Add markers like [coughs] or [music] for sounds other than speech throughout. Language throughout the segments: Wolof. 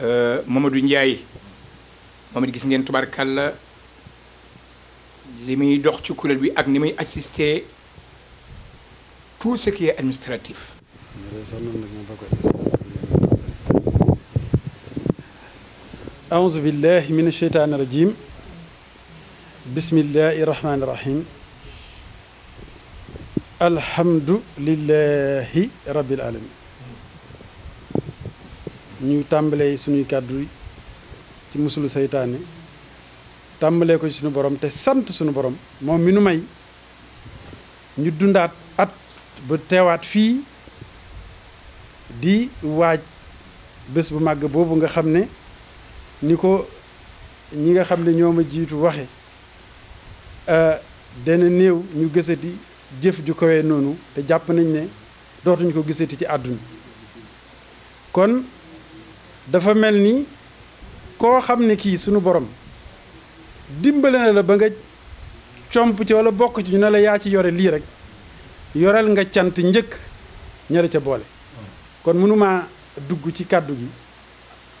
Euh, Mamadou Ndiaye moom it gis ngeen tubaarkàlla li muy dox ci kuréel bi ak ni muy assister tout ce qui est administratif. أعوذ بالله من الشيطان الرجيم بسم الله الرحمن الرحيم الحمد لله رب العالمين ñu tàmbalee suñuy kàddu ci musulu seytaane tàmbalee ko ci suñu borom te sant suñu borom moom mi nu may ñu dundaat at ba teewaat fii di waaj bés bu màgg boobu nga xam ne ni ko ñi nga xam ne ñoo ma jiitu waxe euh, dana néew ñu gisati jëf ju kawee noonu te jàpp nañ ne dootuñu ko gisati ci àdduna kon dafa mel ni koo xam ne kii sunu borom dimbali na la ba nga comp ci wala bokk ci ñu ne la yaa ci yore lii rek yorel nga cant njëkk ña ca boole kon mënumaa dugg ci kàddu gi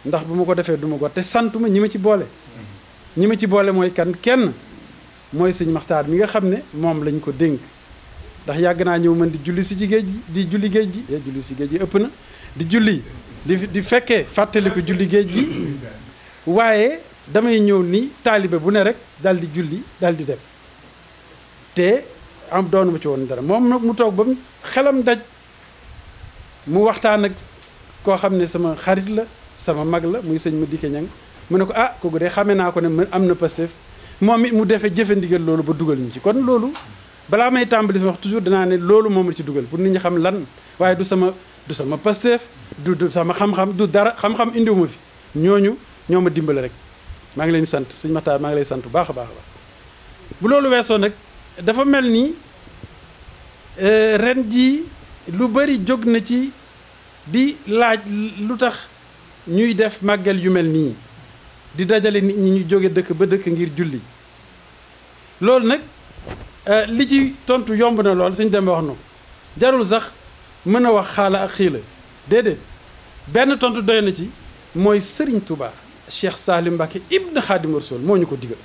ndax bu ma ko defee duma ko te ma ñi ma ci boole ñi ma ci boole mooy kan kenn mooy sëñ maxtaar bi nga xam ne moom lañ ko dénk ndax yàgg naa ñëw mën di julli si ci géej gi di julli géej gi eh julli si géej gi ëpp na di julli di di fekkee fàttaliku julli géej gi waaye damay ñëw ni taalibe bu ne rek daal di julli daal di dem te am doonu ma ci woon dara moom nag mu toog ba xelam daj mu waxtaan ak koo xam ne sama xarit la sama mag la muy sëñ ma dikke ñang mu ne ko ah kooku de xame naa ko ne am na Pastef moom it mu defee jëfe ndigal loolu ba dugal ñu ci kon loolu balaa may tàmbali wax toujours danaa ne loolu moom la ci dugal pour nit ñi xam lan waaye du sama du sama Pastef du du sama xam-xam du dara xam-xam indiwuma fi ñooñu ñoo ma dimbale rek maa ngi leen sant suñ maxtaar maa ngi lay sant bu baax a baax a baax bu loolu weesoo nag dafa mel ni euh, ren jii lu bari jóg na ci di laaj lu tax ñuy def màggal yu mel nii di dajale nit ñi ñu jóge dëkk ba dëkk ngir julli loolu nag euh, li ci tontu yomb na lool suñ demee wax na jarul sax mën a wax xaala ak xiila déedéet benn tontu doy na ci mooy sëriñ tubaa Cheikh Salim Mbacke Ibn Khadim Rasoul moo ñu ko digal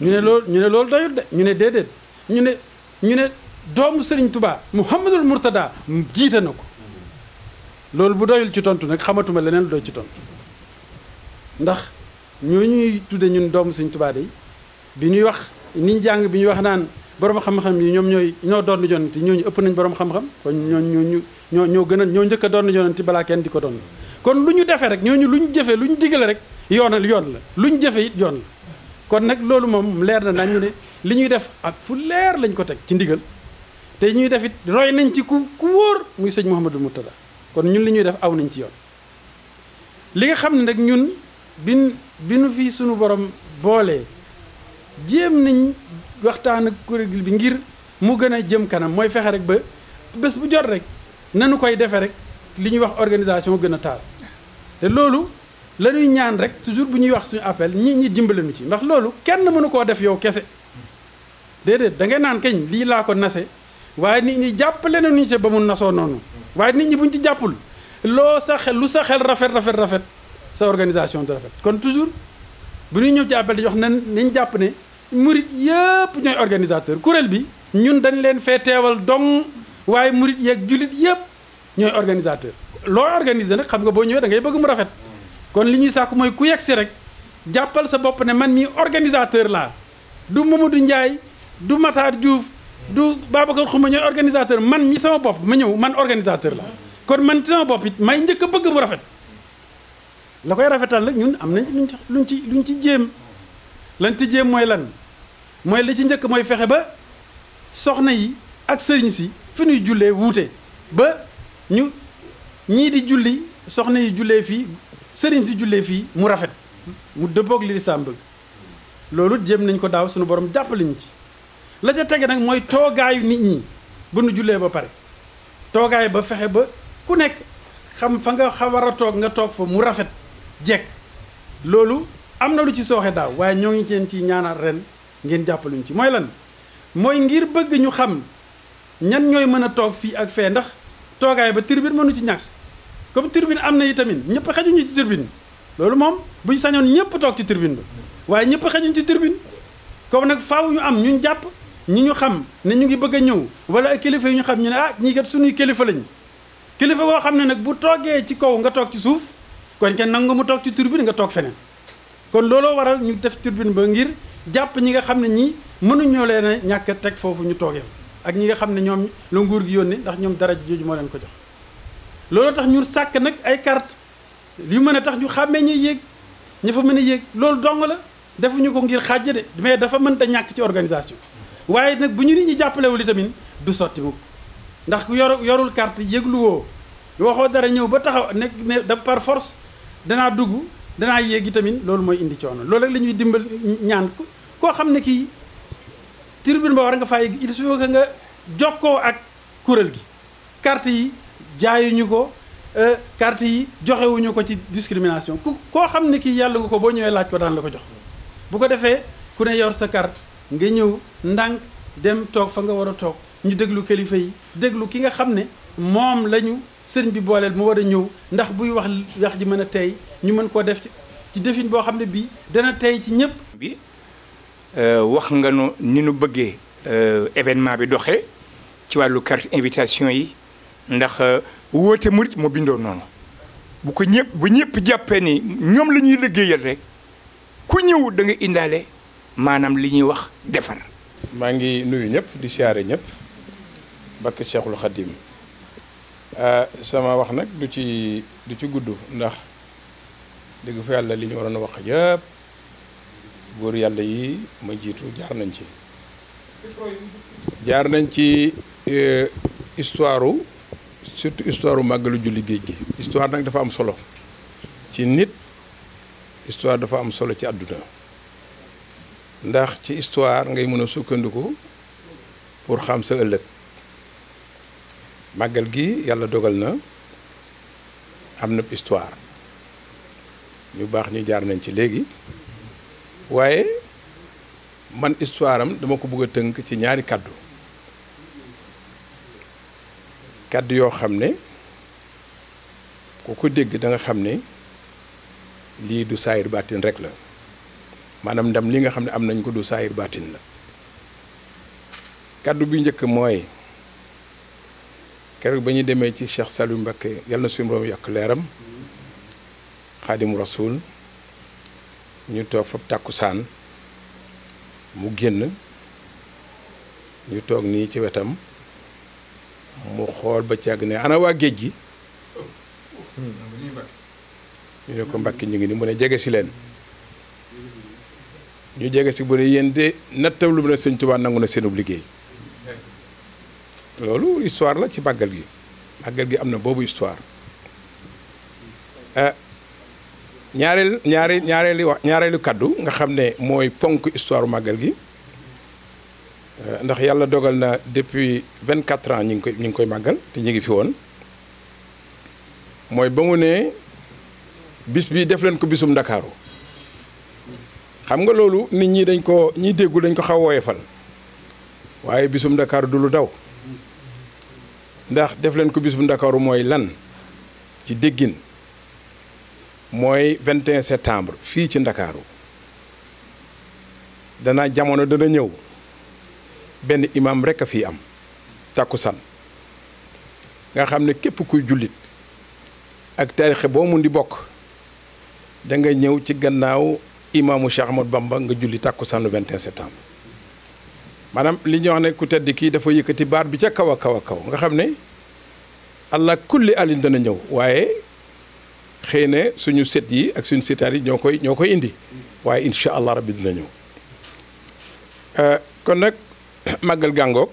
ñu ne lool ñu ne loolu doyul de ñu ne déedéet ñu ne ñu ne doomu Serigne Touba Mouhamadul Mourtada jiite na ko loolu bu doyul ci tontu nag xamatuma leneen lu doy ci tontu ndax ñoo ñuy tudde ñun doomu Serigne Touba de bi ñuy wax niñ jàng bi ñuy wax naan. borom xam-xam yi ñoom ñooy ñoo doon yonent ñooñu ëpp nañ boroom xam-xam kon ñooñu ñoo ñoo gën a ñoo njëkk a doon yonent balaa kenn di ko doon kon lu ñu defee rek ñooñu lu ñu jëfee lu ñu digale rek yoonal yoon la lu ñu jëfe it yoon kon nag loolu moom leer na nañu ne li ñuy def ak fu leer lañ ko teg ci ndigal te ñuy def it roy nañ ci ku ku wóor muy sëñ Mouhamadou Moutada kon ñun li ñuy def aw nañ ci yoon li nga xam ne nag ñun bi nu fii suñu borom boolee jéem nañ waxtaan ak kuréel bi ngir mu gën a jëm kanam mooy fexe rek ba bés bu jot rek nanu koy defee rek li ñuy wax organisation gën a taal te loolu la ñaan rek toujours bu ñuy wax suñu appel ñi ñi dimbalanu ci ndax loolu kenn mënu koo def yow kese déedéet da ngay naan kañ lii laa ko nase waaye nit ñi jàppale nañu ci ba mu nasoo noonu waaye nit ñi buñ ci jàppul loo sa xel lu sa xel rafet rafet rafet sa organisation de rafet kon toujours bu ñuy ñëw ci appel dañuy wax jàpp ne murit yëpp ñooy organisateur kuréel bi ñun dañ leen fee teewal dong waaye murit yeeg jullit yëpp ñooy organisateur loo organiser nag xam nga boo ñëwee da ngay bëgg mu rafet kon li ñuy sàkk mooy ku yegg si rek jàppal sa bopp ne man mii organisateur laa du Mamadou Ndiaye du masaat Diouf du Babacar Xuma ñooy organisateur man mi sama bopp ma ñëw man organisateur la kon man ci sama bopp it may njëkk a bëgg mu rafet la koy rafetal nag ñun am nañ luñ ci luñ ci luñ ci jéem lan tijjee mooy lan mooy li ci njëkk mooy fexe ba soxna yi ak sëriñ si fi ñuy jullee wuute ba ñu ñii di julli soxna yi julle fii sëriñ si julle fii mu rafet mu dëppoog li lislaam bëgg loolu jéem nañ ko daaw suñu borom jàppale ñu ci la ca tege nag mooy toogaayu nit ñi bu nu jullee ba pare toogaay ba fexe ba ku nekk xam fa nga war a toog nga toog fa mu rafet jekk loolu am na lu ci sooxe daaw waaye ñoo ngi leen ci ñaanal ren ngeen jàppaluñ ci mooy lan mooy ngir bëgg ñu xam ñan ñooy mën a toog fii ak fee ndax toogaay ba turbine mënu ci ñàkk comme turbine am na yi tamit ñëpp xajuñu ci turbine loolu moom buñ sañoon ñëpp toog ci turbine ba waaye ñëpp xajuñ ci turbine comme nag faaw ñu am ñun jàpp ñi ñu xam ne ñu ngi bëgg a ñëw wala ay kilifa yi ñu xam ñu ne ah ñii kat suñuy kilifa lañ kilifa boo xam ne nag bu toogee ci kaw nga toog ci suuf kon kenn nangu mu toog ci turbine nga toog feneen kon looloo waral ñu def turbine ba ngir jàpp ñi nga xam ne ñi mënuñoo leen a ñàkk a teg foofu ñu toogee ak ñi nga xam ne ñoom la nguur gi yónni ndax ñoom dara jooju moo leen ko jox looloo tax ñu sàkk nag ay carte yu mën a tax ñu xàmmee ñu yéeg ña fa mën a yéeg loolu dong la defuñu ko ngir xàjj de mais dafa mënta ñàkk ci organisation waaye nag bu ñu nit ñi jàppalewul itamit du sotti mukk ndax yor yorul carte yëglu woo waxoo dara ñëw ba taxaw nekk ne da par force danaa dugg danaa yéegi tamit loolu mooy indi coono loolu rek la ñuy dimbal ñaan koo xam ne kii tribune ba war nga fay il faut que nga jokkoo ak kuréel gi carte yi jaayuñu ko euh, carte yi joxewuñu ko ci discrimination ku koo xam ne kii yàlla nga ko boo ñëwee laaj ko daan la ko jox bu ko defee ku ne yor sa carte nga ñëw ndànk dem toog fa nga war a toog ñu déglu kilifa yi déglu ki nga xam ne moom lañu sëriñ bi booleel mu war a ñëw ndax buy wax wax ji mën a tey ñu mën koo def ci defin boo xam ne bii dana tey ci ñëpp. bi euh, wax nga nu ni nu bëggee euh, événement bi doxee ci wàllu carte invitation yi ndax euh, woote murit moo bindoo noonu bu ko ñëpp bu ñëpp jàppee ni ñoom la ñuy liggéeyal rek ku ñëw da nga indaale maanaam li ñuy wax defar. maa ngi nuyu ñëpp di siyaare ñëpp bakk Cheikhul Khadim Euh, sama wax nag du ci du ci gudd ndax dëgg fa yàlla li ñu waroon a wax yëpp góor yàlla yi ma jiitu jaar nañ ci jaar nañ ci euh, histoire u surtout histoire u màggalu julli géej gi histoire nag dafa am solo ci nit histoire dafa am solo ci àdduna ndax ci histoire ngay mën a sukkandiku pour xam sa ëllëg màggal gi yàlla dogal na am na histoire ñu baax ñu jaar nañ ci léegi waaye man histoire am dama ko bëgg a tënk ci ñaari kàddu kàddu yoo xam ne ku ko dégg danga xam ne lii du saayir bàttin rek la maanaam ndam li nga xam ne am nañ ko du saayir bàttin la kàddu bi njëkk mooy keroog ba ñu demee ci Cheikh Saliou Mbacké yal na suñu borom yokk leeram xaadimu rasul ñu toog tàkku saan mu génn ñu toog nii ci wetam mu xool ba càgg ne ana waa géej gi ñu ne ko Mbacké ñu ngi ni mu ne jege si leen ñu jege si bu ne yéen de lu bu ne Sëñ Tuubaa nangu na seenub liggéey loolu histoire la ci màggal gi màggal gi am na boobu histoire eh, ñaareel ñaare ñaareeli wax ñaareelu kaddu nga xam ne mooy ponk histoire màggal gi eh, ndax yàlla dogal na depuis vingt quatre ans ñu ngi koy ñi ngi koy màggal te ñu ngi fi woon mooy ba mu ne bis bi def leen ko bisum ndakaaru xam nga loolu nit ñi dañ ko ñi déggu dañ ko xaw woyefal waaye bisum ndakaaru du lu daw ndax def leen ko bis bu ndakaaru mooy lan ci déggin mooy 21 septembre fii ci ndakaaru dana jamono dana ñëw benn imam rek a fi am tàkkusan nga xam ne képp kuy jullit ak taarixe boo mun di bokk da nga ñëw ci gannaaw imaamu Cheikh Ahmadou Bamba nga julli tàkkusanu 21 septembre maanaam li ñuy wax ne ku tedd kii dafa yëkkati baat bi ca kaw a kaw a kaw nga xam ne allah kulli alin dana ñëw waaye xëy na suñu set yi ak suñu setaar yi ñoo koy ñoo koy indi waaye incha allah rabbi dina ñëw euh, kon nag [clears throat] màggal gàngoog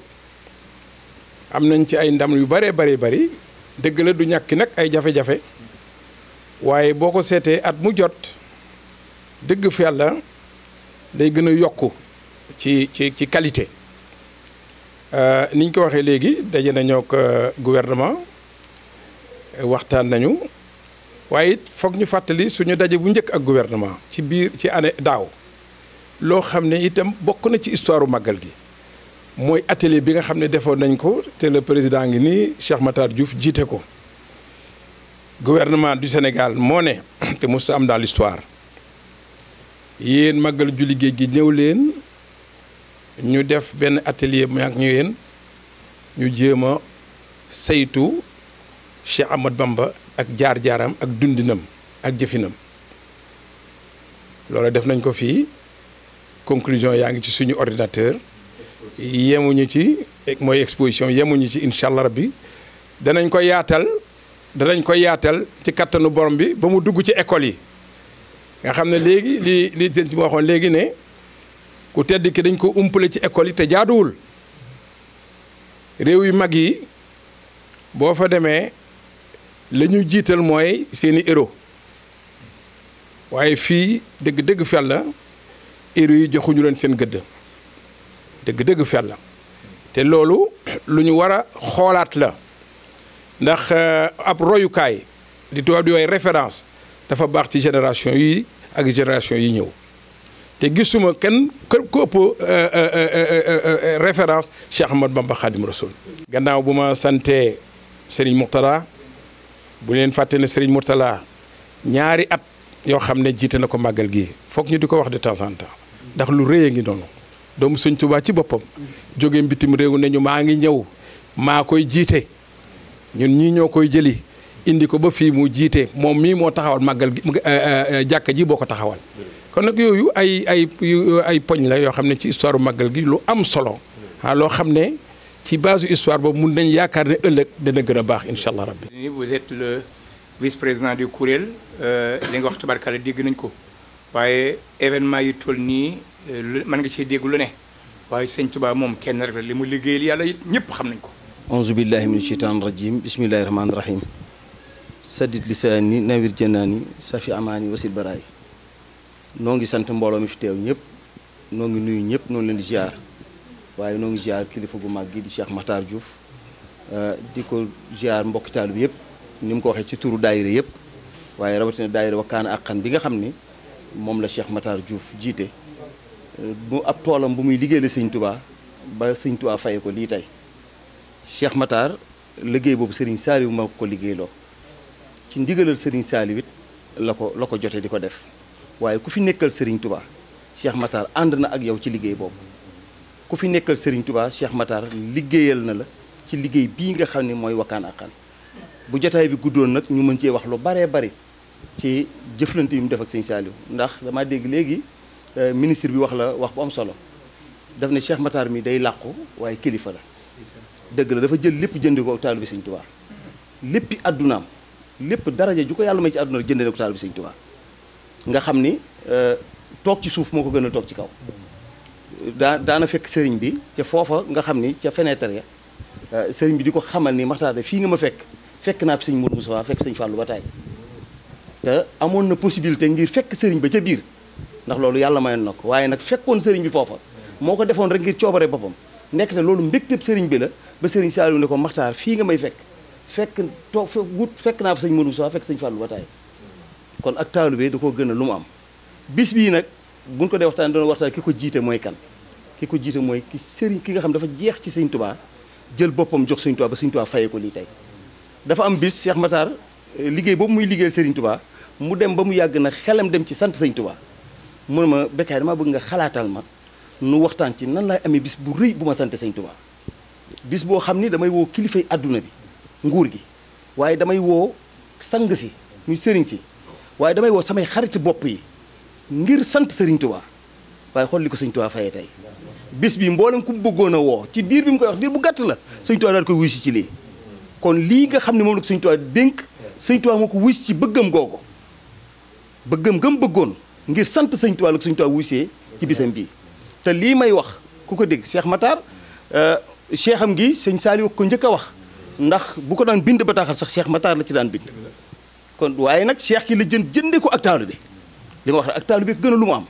am nañ ci ay ndam yu bare bare bari dëgg la du ñàkki nag ay jafe-jafe waaye boo ko seetee at mu jot dëgg fi àlla day gën a yokku ci ci ci qualité euh, niñ ko waxee léegi daje nañoo ak euh, gouvernement euh, waxtaan nañu waaye it foog ñu fàttali suñu daje bu njëkk ak gouvernement ci biir ci année daaw loo xam ne itam bokk na ci histoire màggal gi mooy atelier bi nga xam ne defoon nañ ko te le président ngi nii Cheikh Matar Diouf jiite ko gouvernement du Sénégal moo ne [coughs] te mos am dans l'histoire yéen màggal julli géej gi ñëw leen ñu def benn atelier mu ak ñu yéen ñu jéem a saytu Cheikh amat Bamba ak jaar-jaaram ak dundinam ak jëfinam loolu def nañ ko fii conclusion yaa ngi ci suñu ordinateur yemuñu ci mooy exposition yemuñu ci incha allah rabbi danañ ko yaatal danañ ko yaatal ci kattanu borom bi ba mu dugg ci école yi nga xam ne léegi li li seen ci waxoon léegi ne ku tedd ki dañ ko umpale ci école yi te jaaduwul réew yu mag yi boo fa demee la ñu jiital mooy seeni héros waaye fii dëgg-dëgg fel la héros yi joxuñu leen seen gëdd dëgg-dëgg fel la te loolu lu ñu war a xoolaat la ndax euh, ab royukaay di tubaab di way référence dafa baax ci génération yi ak génération yi ñëw te gisuma kenn ku ëpp euh, euh, euh, référence Cheikh Ahmad Bamba Khadim Rasoul gannaaw bu ma sante Serigne Mourtala bu leen fàtte ne Serigne ñaari at yoo xam ne jiite na ko màggal gi foog ñu di ko wax di temps en temps ndax lu rëy ngi noonu doomu suñ Tuubaa ci boppam jóge mbitim réew nañu maa ngi ñëw maa koy jiite ñun ñi ñëw koy jëli indi ko ba fii mu jiite moom mii moo taxawal màggal gi jàkka ji boo ko taxawal kon nag yooyu ay ay ay poñ la yoo xam ne ci histoire màggal gi lu am solo ah loo xam ne ci base histoire boobu mun nañ yaakaar ne ëllëg dana gën a baax incha allah rabbi. vous êtes le vice-président du kuréel euh, li nga wax tabarkalla dégg nañ ko waaye événement yi toll nii euh, mën nga cee dégg lu ne waaye sëñ Tuubaa moom kenn rek la li mu liggéeyal yàlla it ñëpp xam nañ ko. auzu billahi min sheytaan rajim bismillahi rahmaani rahim. saddit lisaani nawir janaani safi amaani wasil baraay. noo ngi sant mbooloo mi fi teew ñëpp noo ngi nuyu ñëpp noonu leen di ziar waaye noo ngi ziar kilifa gu mag gi di Cheikh Matar Diouf euh, di ko ziar mbokki yëpp ni mu ko waxee ci turu daayira yëpp waaye rawatina daayira wakkaana ak bi nga xam ni moom la Cheikh Matar Diouf jiite euh, bu ab toolam bu muy liggéeyal sëñ Touba ba sëñ Touba faye ko lii tey Cheikh Matar liggéey boobu Serigne Saliou moo ko liggéeyloo ci ndigalal Serigne Saliou it la ko la ko jotee di ko def waaye ku fi nekkal Serigne tubaa Cheikh Matar ànd na ak yow ci liggéey boobu ku fi nekkal sëriñ tubaa Cheikh Matar liggéeyal na la ci liggéey bii nga xam ni mooy Wakana Haqqan bu jotaay bi guddoon nag ñu mën cee wax lu baree bari ci jëflante yu mu def ak Serigne Saliou ndax damaa dégg léegi euh, ministre bi wax la wax bu am solo def ne Cheikh Matar mi day làqu waaye kilifa la dëgg la dafa jël lépp jënd ko ak taalibe Serigne Touba léppi addunaam lépp daraja ju ko yàlla may ci àdduna jëndee ko taalibe Serigne Touba nga xam ni euh, toog ci suuf moo ko gën a toog ci kaw daa daana fekk sëriñ bi ca foofa nga xam ni ca fenêtre ya euh, sëriñ bi di ko xamal ni Maxtaar de fii nga ma fekk fekk naa fi sëñ Mourou Moussa fekk sëñ Fallou ba taay te na possibilité ngir fekk sëriñ ba ca biir ndax loolu yàlla mayoon na ko waaye nag fekkoon sëriñ bi foofa moo ko defoon rek ngir coobare boppam nekk te loolu mbégteeb sëriñ bi la ba sëriñ Saliou ne ko Maxtaar fii nga may fekk fekk toog wut fekk naa fi sëñ Mourou Moussa fekk sëñ Fallou ba taay kon ak taalibe da ko gën a lu mu am bis bii nag buñ ko dee waxtaan doon waxtaan ki ko jiite mooy kan ki ko jiite mooy ki sëriñ ki nga xam dafa jeex ci sëñ tubaa jël boppam jox sëñ tubaa ba sëñ tubaa faye ko lii dafa am bis Cheikh Matar eh, liggéey boobu muy liggéeyal sëriñ mu dem ba mu yàgg na xelam dem ci sant sëñ tubaa mu ma Bécaye damaa bëgg nga xalaatal ma nu waxtaan ci nan laay amee bis bu rëy bu ma sant sëñ tubaa bis boo xam ni damay woo kilifay àdduna bi nguur gi waaye damay woo sang si muy sëriñ si waaye damay woo samay xariti bopp yi ngir sant sëriñ Touba waaye xool li ko Serigne Touba fayee tey bis bi mboolem ku bëggoon a woo ci diir bi mu koy wax diir bu gàtt la Serigne Touba daal koy wuy ci lii kon lii nga xam ne moom la ko Serigne Touba dénk Serigne si ci bëggam googu bëggam gam bëggoon ngir sant sëñ Touba la ko Serigne Touba wuy ci bisam bii te lii may wax ku ko dégg Cheikh Matar euh, Cheikh am gi sëñ Saliou ko njëkk a wax ndax bu ko daan bind bataaxal sax Cheikh Matar la ci daan bind kon waaye nag seex ki la jënd jënde ko ak taalu bi li ma wax rek ak taalu bi gën a lu mu am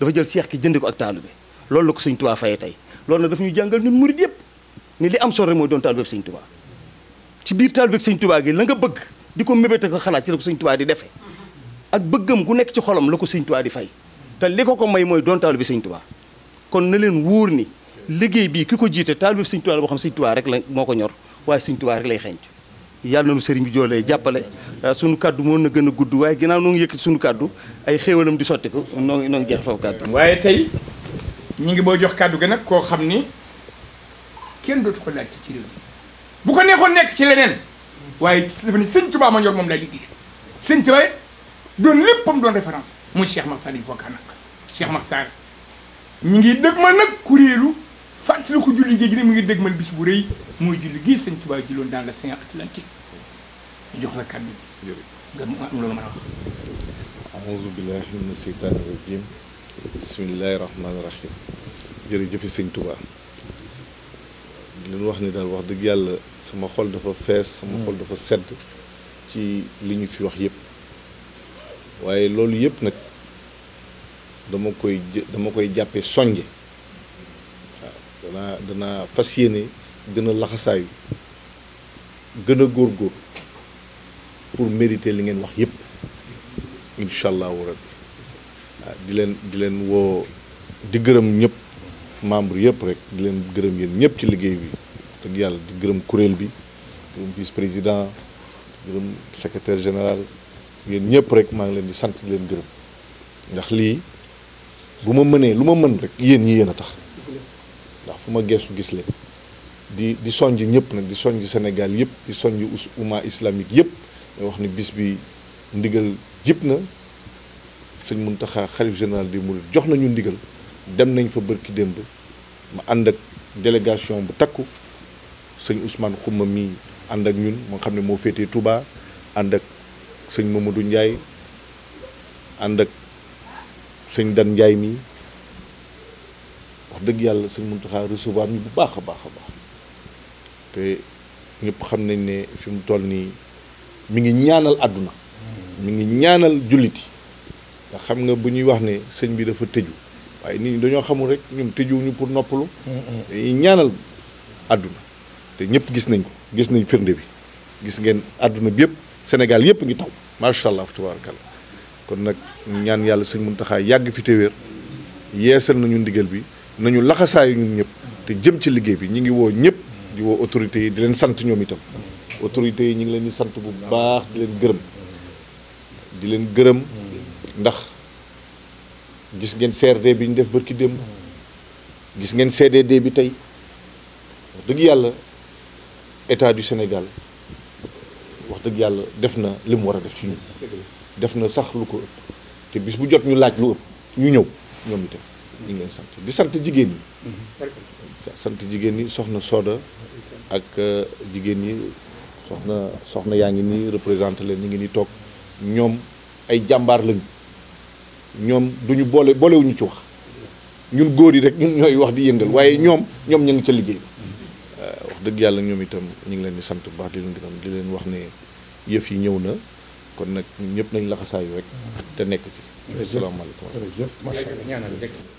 dafa jël seex ki jënde ko ak taalu lool loolu la ko sëñ tubaa faye tey loolu nag daf ñuy jàngal mu murid yëpp ni li am solo rek mooy doon taalu bi sëñ tubaa ci biir taalu bi sëñ gi la nga bëgg di ko mébéte ko xalaat ci la ko sëñ di defe ak bëggam gu nekk ci xolam la ko sëñ di fay te li ko ko may mooy doon taalu bi sëñ tubaa kon na leen wóor ni liggéey bii ki ko jiite taalu bi sëñ tubaa la boo xam sëñ tubaa rek la moo ko ñor waaye sëñ tubaa rek lay xenc yàlla na nu sëriñ bi joolee jàppale euh, sunu kàddu mën na gën a gudd waaye ginnaaw noo ngi yëkkati sunu kàddu ay xéewalam di sotti ko noo ngi noo ngi jeex foofu kaddu. tey ñu ngi boo jox kàddu gi nag koo xam ni kenn dootu ko laaj ci réew bu ko neexoon nekk ci leneen waaye dafa ni sëñ Tuubaa ma ñor moom lay liggéey sëñ Tuubaa doon léppam doon référence mu Cheikh Makhtar yi Foka nag Cheikh Makhtar ñu ngi ma nag kuréelu. fàttali ko julli géej gi ne mu ngi dégg man bis bu rëy mooy julli gii sëñ Tuubaa julloon dans l'océan Atlantique ñu jox la kàddu gi nga am loo mën a wax aouzu billahi wax ni daal wax dëgg yàlla sama xol dafa fees sama xol dafa sedd ci li ñu fi wax yëpp waaye loolu yëpp nag dama koy dama koy jàppe soññe danaa danaa fas yéene gën a laxasaayu gën a góorgóor pour mériter li ngeen wax yépp incha allahu rabbi ah, di leen di leen woo di gërëm ñëpp membre yëpp rek di leen gërëm yéen ñëpp ci liggéey bi dëgg yàlla di gërëm kuréel bi gërëm vice président gërëm secretaire général yéen ñëpp rek maa ngi leen di sant leen gërëm ndax lii bu ma mënee lu ma mën rek yéen ñi yéen a tax ndax fu ma geesu gis leen di di sonj ñëpp nag di sonj senegal yëpp di sonj umma islamique yëpp ñoo wax ni bis bi ndigal jib na sëñ Muntaxa xalif général di murid jox nañu ndigal dem nañ fa bërki démb ma ànd ak délégation bu takku sëñ Ousmane Xuma mii ànd ak ñun moo xam ne moo féetee Touba ànd ak sëñ Mamadou Ndiaye ànd ak sëñ Dan njaay mii dëgg yàlla sëñ Mountakha recevoir ñu bu baax a baax a baax te ñëpp xam nañ ne fi mu toll nii mu ngi ñaanal àdduna mu mm. ngi ñaanal julliti ndax xam nga bu ñuy wax ne sëñ bi dafa tëju waaye nit ñi dañoo xamul rek ñoom tëjuwuñu pour noppalu dañuy ñaanal àdduna te ñëpp gis nañ ko gis nañ firnde bi gis ngeen àdduna bi yëpp Sénégal yëpp ngi taw macha allah tabarakallah kon nag ñaan yàlla sëñ Mountakha yàgg fi te wér yeesal nañu ndigal bi nañu laxasaayu ñun ñëpp te jëm ci liggéey bi ñu ngi woo ñëpp di woo autorités yi di leen sant ñoom itam autorité yi ñu ngi leen di sant bu baax di leen gërëm di leen gërëm ndax gis ngeen CRD bi ñu def bërki démb gis ngeen CDD bi tey wax dëgg yàlla état du Sénégal wax dëgg yàlla def na li mu war a def ci ñun def na sax lu ko ëpp te bis bu jot ñu laaj lu ëpp ñu ñëw ñoom itam ñu ngi leen sant di sant jigéen ñi. Mm-hmm. sant jigéen ñi soxna Soda. ak uh, jigéen ñi soxna soxna yaa ngi nii représenté leen ñu ngi nii toog ñoom ay jàmbaar lañu ñoom duñu boole boolewuñu ci wax ñun góor yi rek ñun ñooy wax di yëngal waaye ñoom ñoom ñu ngi ca liggéey uh, wax dëgg yàlla ñoom itam ñu ngi leen di sant bu baax di leen gërëm di leen wax ne yëf yi ñëw na kon nag ñun ñëpp nañ laxasaayu rek te nekk ci. asalaamaaleykum jërëjëf macha allah